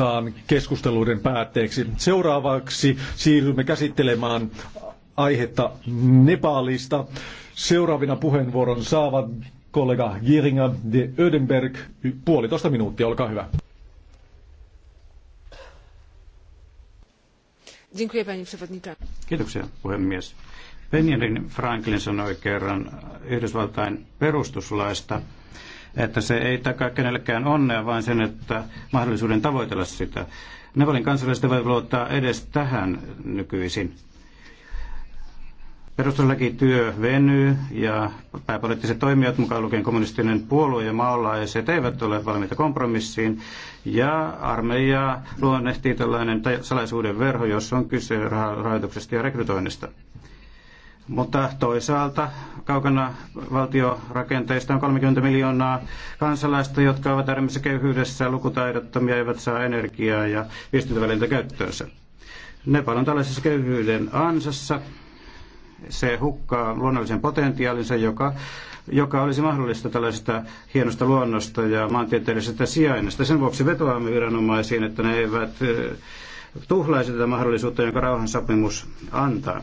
kohtaan keskusteluiden päätteeksi. Seuraavaksi siirrymme käsittelemään aihetta Nepalista. Seuraavina puheenvuoron saavat kollega Giringa de Ödenberg. Puolitoista minuuttia, olkaa hyvä. Kiitoksia puhemies. Benjamin Franklin sanoi kerran Yhdysvaltain perustuslaista, että se ei takaa kenellekään onnea, vaan sen, että mahdollisuuden tavoitella sitä. Nepalin kansalaiset voi luottaa edes tähän nykyisin. Perustuslakityö venyy ja pääpoliittiset toimijat, mukaan lukien kommunistinen puolue ja maalaiset, eivät ole valmiita kompromissiin. Ja armeijaa luonnehtii tällainen salaisuuden verho, jos on kyse rahoituksesta ja rekrytoinnista. Mutta toisaalta kaukana valtiorakenteista on 30 miljoonaa kansalaista, jotka ovat äärimmäisessä köyhyydessä, lukutaidottomia, eivät saa energiaa ja viestintävälineitä käyttöönsä. Nepal on tällaisessa köyhyyden ansassa. Se hukkaa luonnollisen potentiaalinsa, joka, joka olisi mahdollista tällaisesta hienosta luonnosta ja maantieteellisestä sijainnista. Sen vuoksi vetoamme viranomaisiin, että ne eivät eh, tuhlaisi tätä mahdollisuutta, jonka rauhansopimus antaa.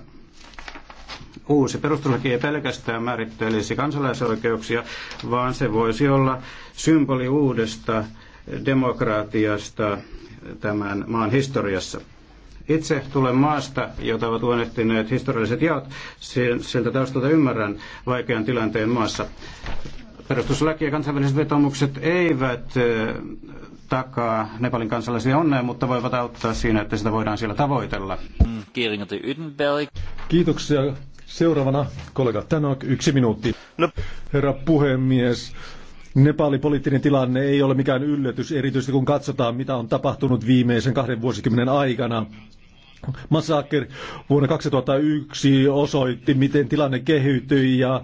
Uusi perustuslaki ei pelkästään määrittelisi kansalaisoikeuksia, vaan se voisi olla symboli uudesta demokratiasta tämän maan historiassa. Itse tulen maasta, jota ovat luonnehtineet historialliset jaot. Siltä taustalta ymmärrän vaikean tilanteen maassa. Perustuslaki ja kansainväliset vetomukset eivät takaa Nepalin kansalaisia onnea, mutta voivat auttaa siinä, että sitä voidaan siellä tavoitella. Kiitoksia. Seuraavana kollega Tanok, yksi minuutti. No. Herra puhemies, Nepalin poliittinen tilanne ei ole mikään yllätys, erityisesti kun katsotaan, mitä on tapahtunut viimeisen kahden vuosikymmenen aikana. Massaker vuonna 2001 osoitti, miten tilanne kehittyi ja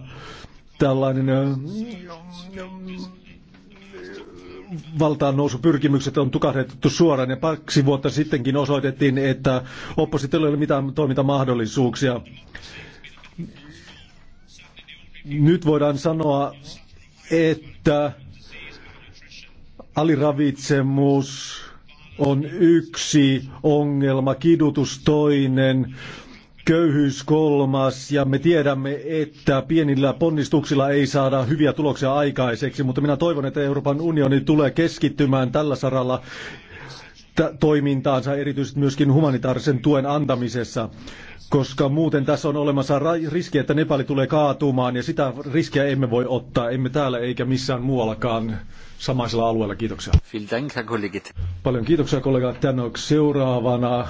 tällainen valtaan nousu pyrkimykset on tukahdettu suoraan ja kaksi vuotta sittenkin osoitettiin, että oppositiolla ei ole mitään toimintamahdollisuuksia. Nyt voidaan sanoa, että aliravitsemus on yksi ongelma, kidutus toinen, köyhyys kolmas ja me tiedämme, että pienillä ponnistuksilla ei saada hyviä tuloksia aikaiseksi, mutta minä toivon, että Euroopan unioni tulee keskittymään tällä saralla toimintaansa, erityisesti myöskin humanitaarisen tuen antamisessa, koska muuten tässä on olemassa riski, että Nepali tulee kaatumaan ja sitä riskiä emme voi ottaa, emme täällä eikä missään muuallakaan samaisella alueella. Kiitoksia. Paljon kiitoksia kollega Tänok. Seuraavana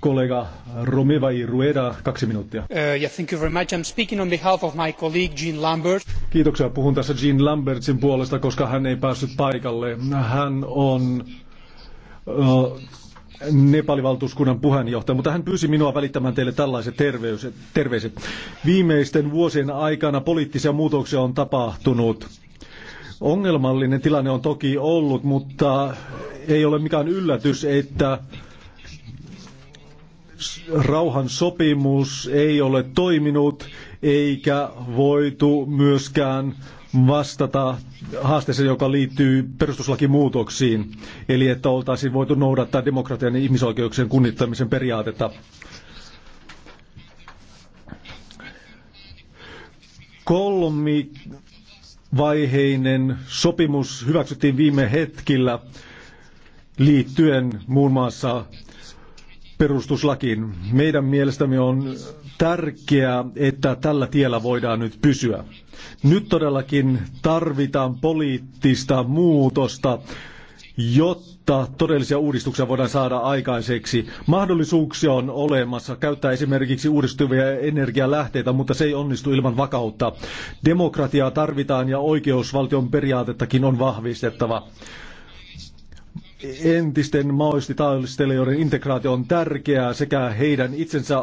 Kollega Romevai Rueda, kaksi minuuttia. Uh, yeah, thank you very much. I'm speaking on behalf of my colleague Jean Lambert. Kiitoksia. Puhun tässä Jean Lambertsin puolesta, koska hän ei päässyt paikalle. Hän on uh, Nepalivaltuuskunnan puheenjohtaja, mutta hän pyysi minua välittämään teille tällaiset terveys, terveiset. Viimeisten vuosien aikana poliittisia muutoksia on tapahtunut. Ongelmallinen tilanne on toki ollut, mutta ei ole mikään yllätys, että rauhan sopimus ei ole toiminut eikä voitu myöskään vastata haasteeseen, joka liittyy perustuslakimuutoksiin, eli että oltaisiin voitu noudattaa demokratian ja ihmisoikeuksien kunnittamisen periaatetta. Kolmivaiheinen sopimus hyväksyttiin viime hetkillä liittyen muun muassa perustuslakiin. Meidän mielestämme on tärkeää, että tällä tiellä voidaan nyt pysyä. Nyt todellakin tarvitaan poliittista muutosta, jotta todellisia uudistuksia voidaan saada aikaiseksi. Mahdollisuuksia on olemassa käyttää esimerkiksi uudistuvia energialähteitä, mutta se ei onnistu ilman vakautta. Demokratiaa tarvitaan ja oikeusvaltion periaatettakin on vahvistettava entisten maoistitaistelijoiden integraatio on tärkeää sekä heidän itsensä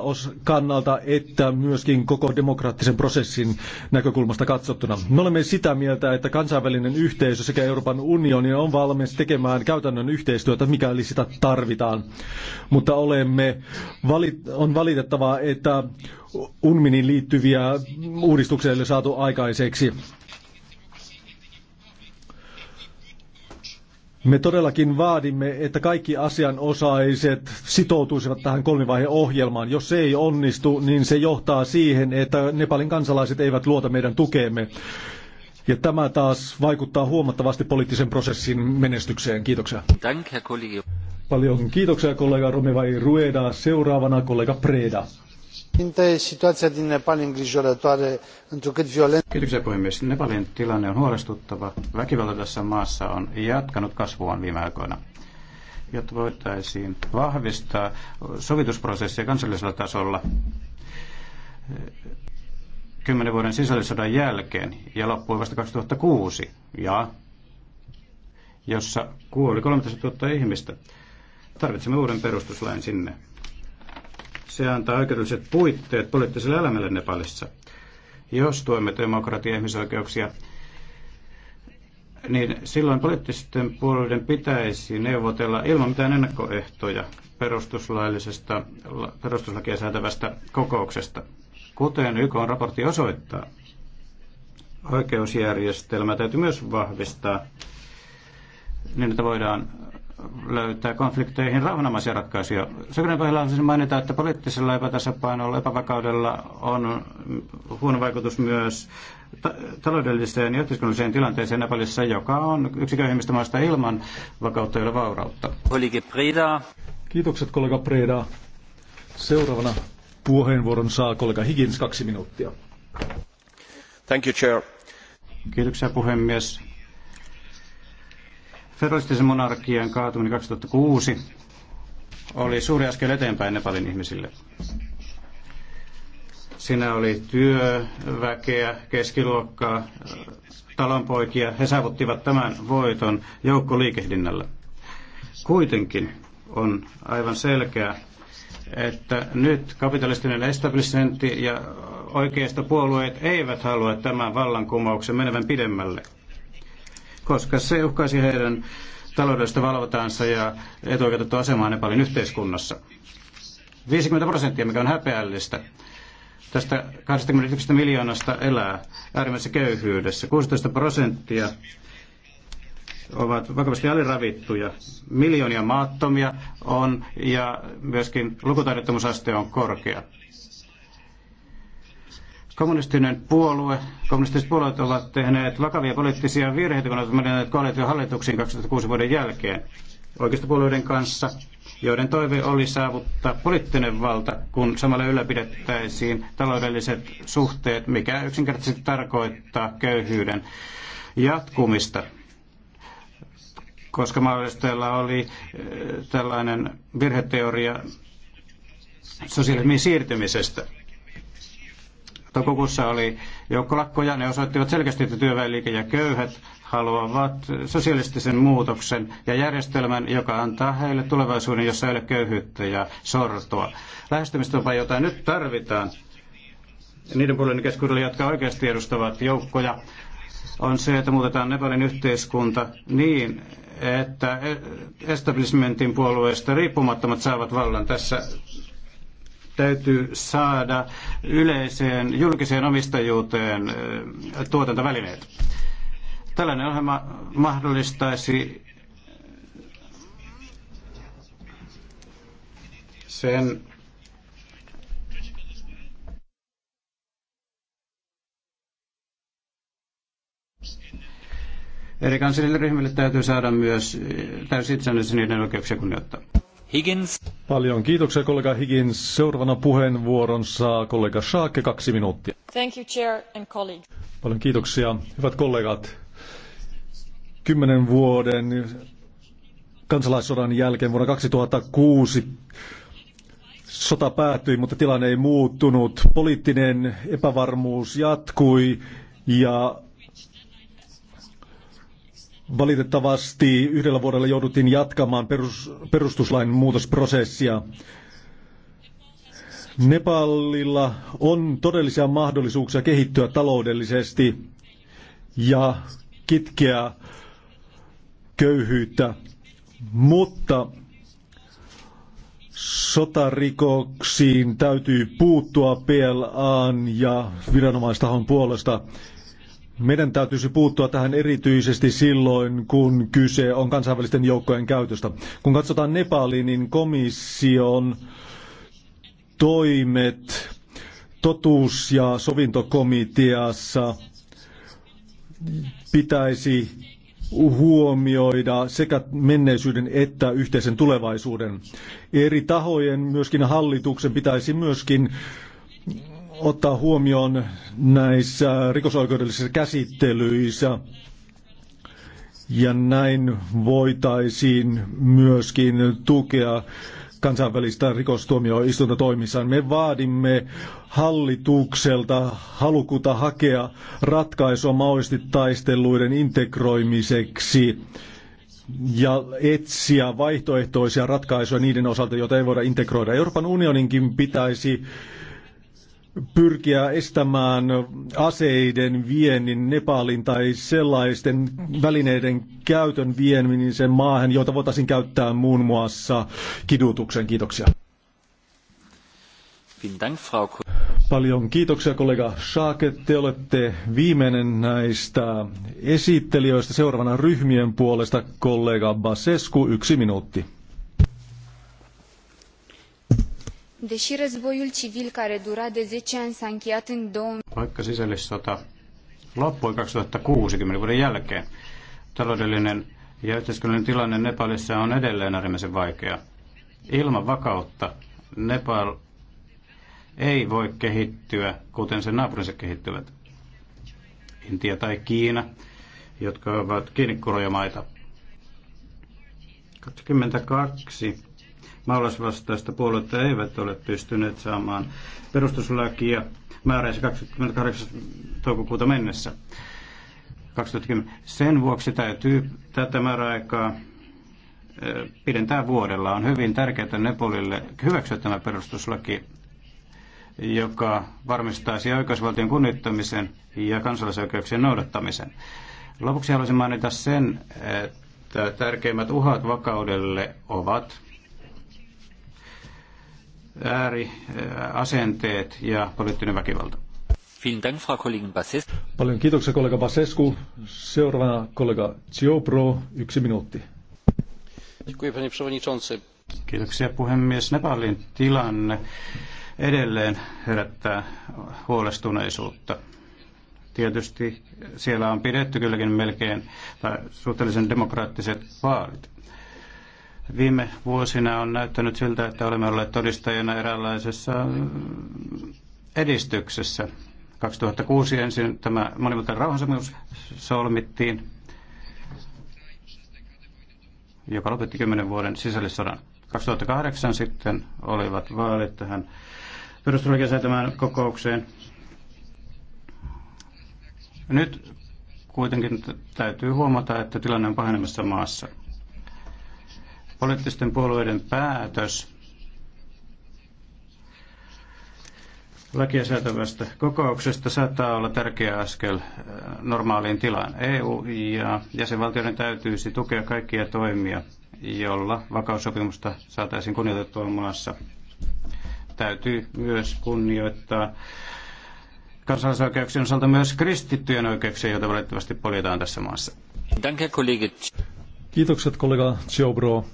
kannalta että myöskin koko demokraattisen prosessin näkökulmasta katsottuna. Me olemme sitä mieltä, että kansainvälinen yhteisö sekä Euroopan unioni on valmis tekemään käytännön yhteistyötä, mikäli sitä tarvitaan. Mutta olemme, on valitettavaa, että UNMINin liittyviä uudistuksia ei ole saatu aikaiseksi. Me todellakin vaadimme, että kaikki asianosaiset sitoutuisivat tähän kolmivaiheen ohjelmaan. Jos se ei onnistu, niin se johtaa siihen, että Nepalin kansalaiset eivät luota meidän tukeemme. Ja tämä taas vaikuttaa huomattavasti poliittisen prosessin menestykseen. Kiitoksia. Dank, Paljon kiitoksia kollega Romevai Rueda. Seuraavana kollega Preda situația din Nepal îngrijorătoare, întrucât violen... Kiitoksia puhemies. Nepalin tilanne on huolestuttava. Väkivalta tässä maassa on jatkanut kasvuaan viime aikoina jotta voitaisiin vahvistaa sovitusprosessia kansallisella tasolla kymmenen vuoden sisällissodan jälkeen ja loppui vasta 2006 ja jossa kuoli 13 000 ihmistä. Tarvitsemme uuden perustuslain sinne se antaa oikeudelliset puitteet poliittiselle elämälle Nepalissa. Jos tuemme demokratia- ja ihmisoikeuksia, niin silloin poliittisten puolueiden pitäisi neuvotella ilman mitään ennakkoehtoja perustuslaillisesta, perustuslakia säätävästä kokouksesta. Kuten YK on raportti osoittaa, oikeusjärjestelmä täytyy myös vahvistaa niin, että voidaan löytää konflikteihin rauhanomaisia ratkaisuja. Sekunnan kohdalla haluaisin mainita, että poliittisella epätasapainolla, epävakaudella on huono vaikutus myös ta- taloudelliseen ja yhteiskunnalliseen tilanteeseen Nepalissa, joka on yksi köyhimmistä maista ilman vakautta ja vaurautta. Kiitokset kollega Preda. Seuraavana puheenvuoron saa kollega Higgins kaksi minuuttia. Thank you, Chair. Kiitoksia puhemies. Federalistisen monarkian kaatuminen 2006 oli suuri askel eteenpäin Nepalin ihmisille. Siinä oli työväkeä, keskiluokkaa, talonpoikia. He saavuttivat tämän voiton joukkoliikehdinnällä. Kuitenkin on aivan selkeä, että nyt kapitalistinen establishmentti ja oikeista puolueet eivät halua tämän vallankumouksen menevän pidemmälle – koska se uhkaisi heidän taloudellista valvotaansa ja etuoikeutettu asemaa Nepalin yhteiskunnassa. 50 prosenttia, mikä on häpeällistä, tästä 21 miljoonasta elää äärimmäisessä köyhyydessä. 16 prosenttia ovat vakavasti aliravittuja. Miljoonia maattomia on ja myöskin lukutaidottomuusaste on korkea. Kommunistinen puolue, kommunistiset puolueet ovat tehneet vakavia poliittisia virheitä, kun ovat menneet koalitiohallituksiin 2006 vuoden jälkeen oikeistopuolueiden kanssa, joiden toive oli saavuttaa poliittinen valta, kun samalla ylläpidettäisiin taloudelliset suhteet, mikä yksinkertaisesti tarkoittaa köyhyyden jatkumista koska maalaistajalla oli eh, tällainen virheteoria sosialismin siirtymisestä. Toukokuussa oli joukkolakkoja, ne osoittivat selkeästi, että työväenliike ja köyhät haluavat sosialistisen muutoksen ja järjestelmän, joka antaa heille tulevaisuuden, jossa ei ole köyhyyttä ja sortoa. Lähestymistapa, jota nyt tarvitaan niiden puolueiden keskuudelle, jotka oikeasti edustavat joukkoja, on se, että muutetaan Nepalin yhteiskunta niin, että e-, establishmentin puolueista riippumattomat saavat vallan. Tässä täytyy saada yleiseen julkiseen omistajuuteen tuotantovälineet. Tällainen ohjelma mahdollistaisi sen Eri kansallisille ryhmille täytyy saada myös täysin itsenäisyys niiden oikeuksia kunnioittaa. Higgins. Paljon kiitoksia kollega Higgins. Seuraavana puheenvuoron saa kollega Saakke kaksi minuuttia. Thank you, chair and colleague. Paljon kiitoksia. Hyvät kollegat, kymmenen vuoden kansalaissodan jälkeen vuonna 2006 sota päättyi, mutta tilanne ei muuttunut. Poliittinen epävarmuus jatkui ja Valitettavasti yhdellä vuodella jouduttiin jatkamaan perus, perustuslain muutosprosessia. Nepalilla on todellisia mahdollisuuksia kehittyä taloudellisesti ja kitkeä köyhyyttä, mutta sotarikoksiin täytyy puuttua PLAn ja viranomaistahon puolesta. Meidän täytyisi puuttua tähän erityisesti silloin, kun kyse on kansainvälisten joukkojen käytöstä. Kun katsotaan Nepaliin, niin komission toimet totuus- ja sovintokomiteassa pitäisi huomioida sekä menneisyyden että yhteisen tulevaisuuden. Eri tahojen, myöskin hallituksen, pitäisi myöskin ottaa huomioon näissä rikosoikeudellisissa käsittelyissä. Ja näin voitaisiin myöskin tukea kansainvälistä rikostuomioistuinta toimissaan. Me vaadimme hallitukselta halukuta hakea ratkaisua maoisti taisteluiden integroimiseksi ja etsiä vaihtoehtoisia ratkaisuja niiden osalta, joita ei voida integroida. Euroopan unioninkin pitäisi pyrkiä estämään aseiden viennin Nepalin tai sellaisten välineiden käytön vieminen sen maahan, joita voitaisiin käyttää muun muassa kidutuksen. Kiitoksia. Paljon kiitoksia kollega Schaake. Te olette viimeinen näistä esittelijöistä seuraavana ryhmien puolesta kollega Basescu. Yksi minuutti. Deși războiul civil care dura de 10 ani s-a încheiat în 2000... Vaikka sisällissota loppui 2060 vuoden jälkeen, taloudellinen ja yhteiskunnallinen tilanne Nepalissa on edelleen äärimmäisen vaikea. Ilman vakautta Nepal ei voi kehittyä, kuten sen naapurinsa kehittyvät. Intia tai Kiina, jotka ovat kiinnikurojamaita. 22 maalaisvastaista puoluetta eivät ole pystyneet saamaan perustuslakia määräisi 28. toukokuuta mennessä. 2010. Sen vuoksi täytyy tätä määräaikaa pidentää vuodella. On hyvin tärkeää Nepolille hyväksyä tämä perustuslaki, joka varmistaisi oikeusvaltion kunnittamisen ja kansalaisoikeuksien noudattamisen. Lopuksi haluaisin mainita sen, että tärkeimmät uhat vakaudelle ovat ääriasenteet ja poliittinen väkivalta. Paljon kiitoksia kollega Basescu. Seuraavana kollega Ciopro, yksi minuutti. Kiitoksia puhemies. Nepalin tilanne edelleen herättää huolestuneisuutta. Tietysti siellä on pidetty kylläkin melkein tai suhteellisen demokraattiset vaalit. Viime vuosina on näyttänyt siltä, että olemme olleet todistajana eräänlaisessa edistyksessä. 2006 ensin tämä monimutkainen rauhansopimus solmittiin, joka lopetti 10 vuoden sisällissodan. 2008 sitten olivat vaalit tähän perustuslakiasäätämään kokoukseen. Nyt kuitenkin täytyy huomata, että tilanne on pahenemassa maassa poliittisten puolueiden päätös lakia säätävästä kokouksesta saattaa olla tärkeä askel äh, normaaliin tilaan. EU ja jäsenvaltioiden täytyisi tukea kaikkia toimia, jolla vakaussopimusta saataisiin kunnioitettua maassa. Täytyy myös kunnioittaa kansalaisoikeuksien osalta myös kristittyjen oikeuksia, joita valitettavasti poljetaan tässä maassa. Kiitokset kollega Ciobro.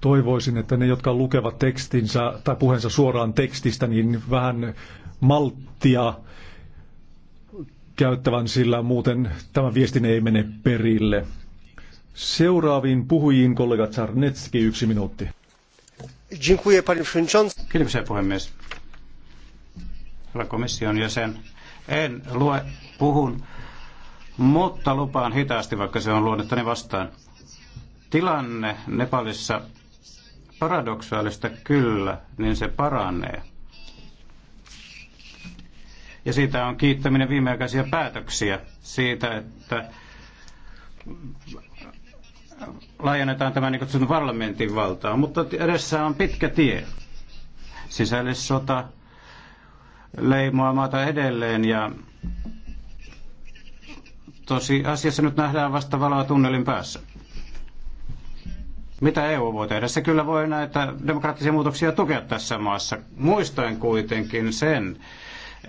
toivoisin, että ne, jotka lukevat tekstinsä tai puheensa suoraan tekstistä, niin vähän malttia käyttävän, sillä muuten tämä viestin ei mene perille. Seuraaviin puhujiin kollega Czarnetski, yksi minuutti. Kiitos, puhemies. Hyvä komission jäsen. En lue, puhun, mutta lupaan hitaasti, vaikka se on luonnettani vastaan. Tilanne Nepalissa Paradoksaalista kyllä, niin se paranee. Ja siitä on kiittäminen viimeaikaisia päätöksiä siitä, että laajennetaan tämä niin kutsutun parlamentin valtaa, mutta edessä on pitkä tie. Sisällissota leimaa maata edelleen ja tosi asiassa nyt nähdään vasta valoa tunnelin päässä. Mitä EU voi tehdä? Se kyllä voi näitä demokraattisia muutoksia tukea tässä maassa. Muistaen kuitenkin sen,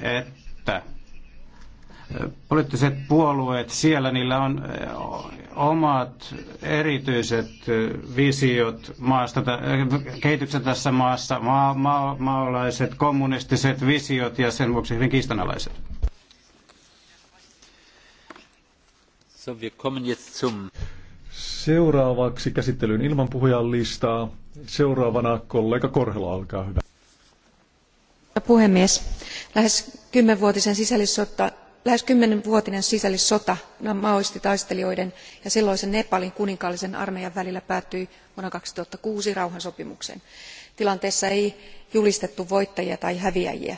että poliittiset puolueet siellä, niillä on omat erityiset visiot maasta, kehityksen tässä maassa, ma- ma- maalaiset, kommunistiset visiot ja sen vuoksi hyvin kiistanalaiset. So, wir kommen jetzt zum Seuraavaksi käsittelyyn ilman puhujan listaa. Seuraavana kollega Korhela, olkaa hyvä. Puhemies, lähes kymmenvuotisen sisällissota lähes kymmenvuotinen sisällissota maoistitaistelijoiden ja silloisen nepalin kuninkaallisen armeijan välillä päättyi vuonna kaksituhatta kuusi rauhansopimukseen. tilanteessa ei julistettu voittajia tai häviäjiä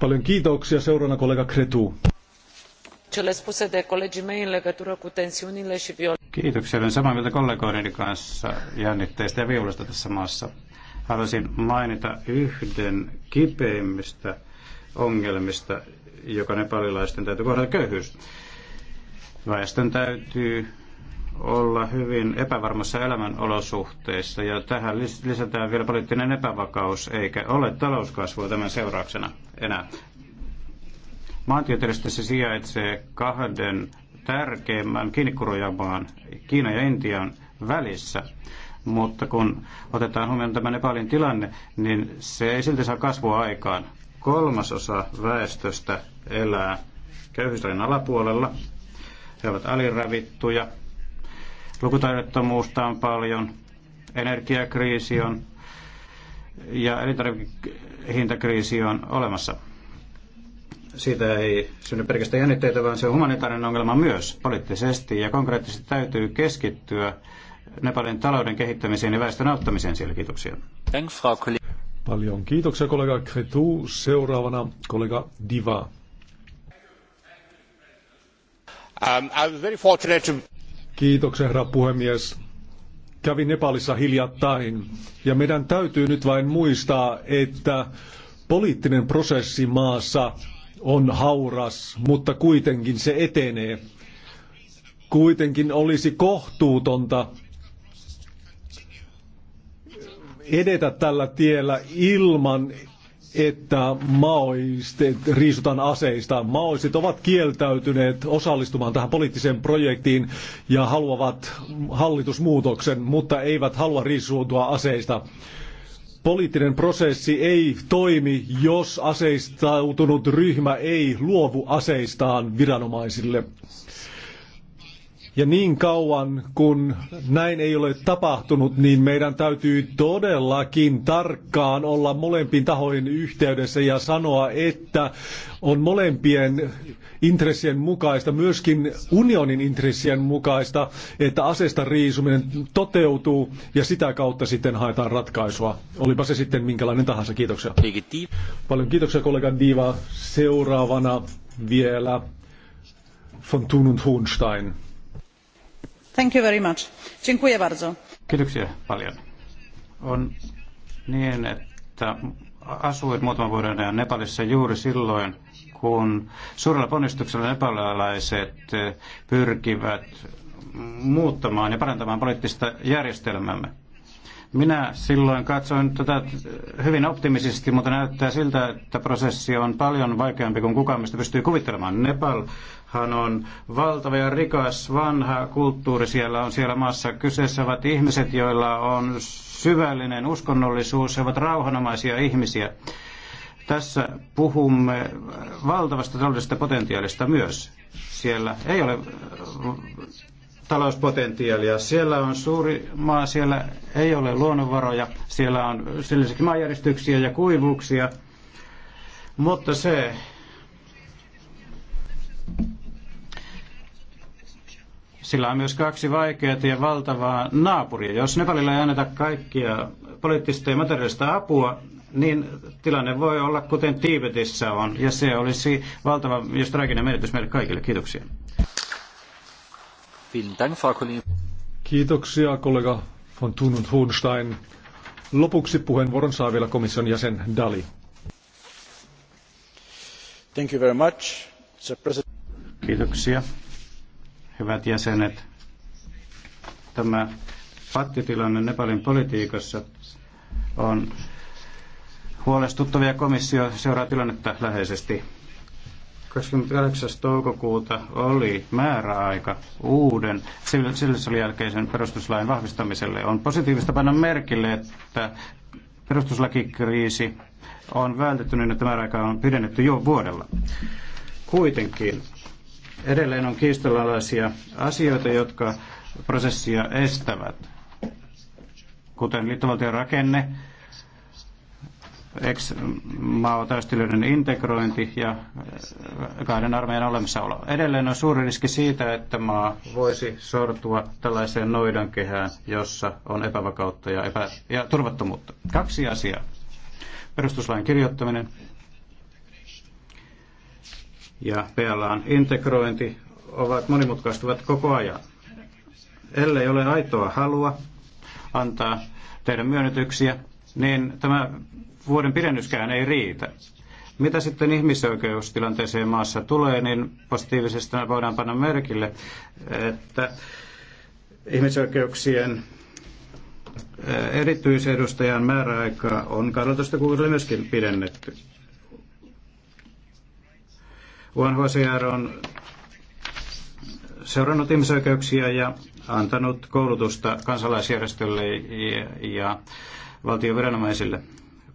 Paljon kiitoksia. Seuraavana kollega Kretu. Cele spuse de colegii mei în legătură cu tensiunile și violența. Kiitoksia. Olen samaa mieltä kollegoideni kanssa jännitteistä ja viulasta tässä maassa. Haluaisin mainita yhden kipeimmistä ongelmista, joka nepalilaisten täytyy kohdata köyhyys. Väestön täytyy olla hyvin epävarmassa elämänolosuhteissa ja tähän lisätään vielä poliittinen epävakaus eikä ole talouskasvua tämän seurauksena enää. Maantieteellisesti se sijaitsee kahden tärkeimmän kiinnikkurojamaan Kiinan ja Intian välissä mutta kun otetaan huomioon tämä Nepalin tilanne, niin se ei silti saa kasvua aikaan. Kolmasosa väestöstä elää köyhyysrajan alapuolella. He ovat aliravittuja, lukutaidottomuutta on paljon, energiakriisi on ja elintarvikehintakriisi on olemassa. Siitä ei synny pelkästään jännitteitä, vaan se on humanitaarinen ongelma myös poliittisesti ja konkreettisesti täytyy keskittyä Nepalin talouden kehittämiseen ja väestön auttamiseen siellä. Kiitoksia. Paljon kiitoksia kollega Kretu. Seuraavana kollega Diva. Um, I was very fortunate to Kiitoksia, herra puhemies. Kävin Nepalissa hiljattain ja meidän täytyy nyt vain muistaa, että poliittinen prosessi maassa on hauras, mutta kuitenkin se etenee. Kuitenkin olisi kohtuutonta edetä tällä tiellä ilman että maoistit riisutaan aseista. Maoistit ovat kieltäytyneet osallistumaan tähän poliittiseen projektiin ja haluavat hallitusmuutoksen, mutta eivät halua riisuutua aseista. Poliittinen prosessi ei toimi, jos aseistautunut ryhmä ei luovu aseistaan viranomaisille. Ja niin kauan kun näin ei ole tapahtunut, niin meidän täytyy todellakin tarkkaan olla molempiin tahoihin yhteydessä ja sanoa, että on molempien intressien mukaista, myöskin unionin intressien mukaista, että asesta riisuminen toteutuu ja sitä kautta sitten haetaan ratkaisua. Olipa se sitten minkälainen tahansa. Kiitoksia. Paljon kiitoksia kollega Diva. Seuraavana vielä von Thun und Hohenstein. Thank you very much. Dziękuję bardzo. Kiitoksia paljon. On niin, että asuin muutaman vuoden ajan Nepalissa juuri silloin, kun suurella ponnistuksella nepalilaiset pyrkivät muuttamaan ja parantamaan poliittista järjestelmämme. Minä silloin katsoin tätä hyvin optimisesti, mutta näyttää siltä, että prosessi on paljon vaikeampi kuin kukaan meistä pystyy kuvittelemaan. Nepal hän on valtava ja rikas vanha kulttuuri siellä on siellä maassa. Kyseessä ovat ihmiset, joilla on syvällinen uskonnollisuus, he ovat rauhanomaisia ihmisiä. Tässä puhumme valtavasta taloudellisesta potentiaalista myös. Siellä ei ole talouspotentiaalia. Siellä on suuri maa, siellä ei ole luonnonvaroja, siellä on sellaisia maanjäristyksiä ja kuivuuksia, mutta se Sillä on myös kaksi vaikeaa ja valtavaa naapuria. Jos Nepalilla ei anneta kaikkia poliittista ja materiaalista apua, niin tilanne voi olla kuten Tiibetissä on, ja se olisi valtava, jos traaginen menetys meille kaikille. Kiitoksia. Kiitoksia kollega von Tunut Hohenstein. Lopuksi puheenvuoron saa vielä komission jäsen Dali. Thank you very much. Kiitoksia hyvät jäsenet, tämä pattitilanne Nepalin politiikassa on huolestuttavia komissio seuraa tilannetta läheisesti. 28. toukokuuta oli määräaika uuden sillä jälkeisen perustuslain vahvistamiselle. On positiivista panna merkille, että perustuslakikriisi on vältetty niin, että määräaika on pidennetty jo vuodella. Kuitenkin Edelleen on kiistellalaisia asioita, jotka prosessia estävät, kuten liittovaltion rakenne, ex-maotaistelijoiden integrointi ja äh, kahden armeijan olemassaolo. Edelleen on suuri riski siitä, että maa voisi sortua tällaiseen noidankehään, jossa on epävakautta ja, epä- ja turvattomuutta. Kaksi asiaa. Perustuslain kirjoittaminen ja PLAn integrointi ovat monimutkaistuvat koko ajan. Ellei ole aitoa halua antaa tehdä myönnytyksiä, niin tämä vuoden pidennyskään ei riitä. Mitä sitten ihmisoikeustilanteeseen maassa tulee, niin positiivisesti voidaan panna merkille, että ihmisoikeuksien eh, erityisedustajan määräaikaa on 12 kuukaudella myöskin pidennetty. UNHCR on seurannut ihmisoikeuksia ja antanut koulutusta kansalaisjärjestölle ja, ja valtion viranomaisille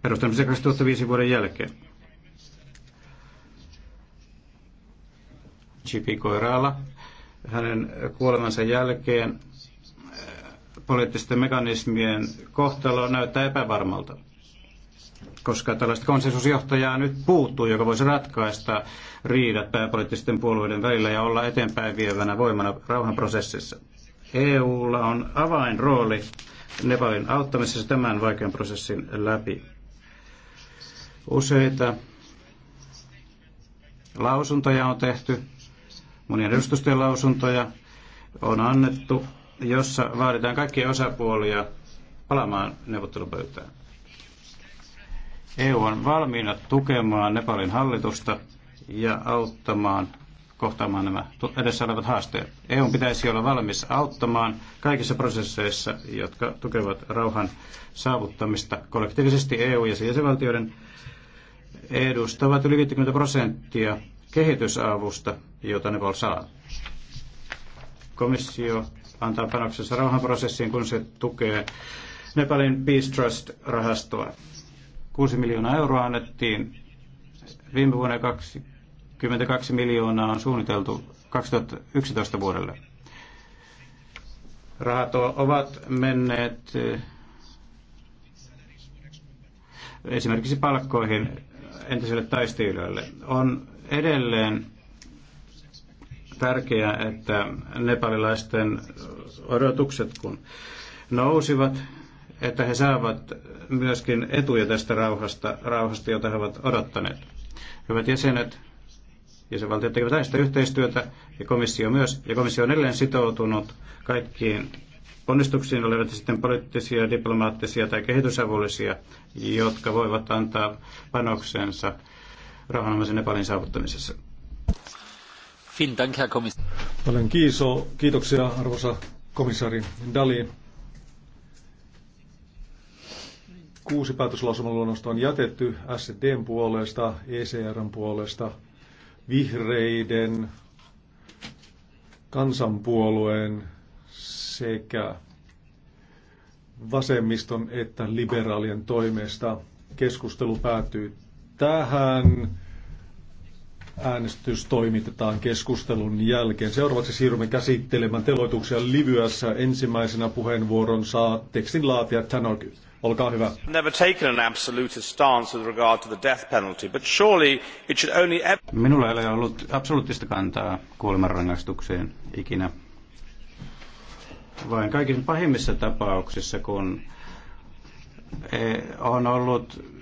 perustamisen 2005 vuoden jälkeen. Chipi Koiraala. hänen kuolemansa jälkeen poliittisten mekanismien kohtalo näyttää epävarmalta koska tällaista konsensusjohtajaa nyt puuttuu, joka voisi ratkaista riidat pääpoliittisten puolueiden välillä ja olla eteenpäin vievänä voimana rauhanprosessissa. EUlla on avainrooli Nepalin auttamisessa tämän vaikean prosessin läpi. Useita lausuntoja on tehty, monien edustustien lausuntoja on annettu, jossa vaaditaan kaikkia osapuolia palaamaan neuvottelupöytään. EU on valmiina tukemaan Nepalin hallitusta ja auttamaan kohtaamaan nämä edessä olevat haasteet. EU pitäisi olla valmis auttamaan kaikissa prosesseissa, jotka tukevat rauhan saavuttamista. Kollektiivisesti EU ja sen jäsenvaltioiden edustavat yli 50 prosenttia kehitysavusta, jota Nepal saa. Komissio antaa panoksensa rauhanprosessiin, kun se tukee Nepalin Peace Trust-rahastoa. 6 miljoonaa euroa annettiin. Viime vuonna 22 miljoonaa on suunniteltu 2011 vuodelle. Rahat ovat menneet eh, esimerkiksi palkkoihin entiselle taistelijoille. On edelleen tärkeää, että nepalilaisten odotukset kun nousivat, että he saavat myöskin etuja tästä rauhasta, rauhasta jota he ovat odottaneet. Hyvät jäsenet, jäsenvaltiot tekevät aina yhteistyötä ja komissio myös. Ja komissio on edelleen sitoutunut kaikkiin onnistuksiin, olivat sitten poliittisia, diplomaattisia tai kehitysavullisia, jotka voivat antaa panoksensa rauhanomaisen Nepalin saavuttamisessa. Paljon kiitoksia arvoisa komissaari Dali. Kuusi päätöslausumaluonnosta on jätetty SDn puolesta, ECRn puolesta, vihreiden, kansanpuolueen sekä vasemmiston että liberaalien toimesta. Keskustelu päätyy tähän. Äänestys toimitetaan keskustelun jälkeen. Seuraavaksi siirrymme käsittelemään teloituksia Livyässä. Ensimmäisenä puheenvuoron saa tekstin laatia Tanoky. Olkaa Minulla ei ole ollut absoluuttista kantaa kuolemanrangaistukseen ikinä. Vain kaikissa pahimmissa tapauksissa, kun eh, on ollut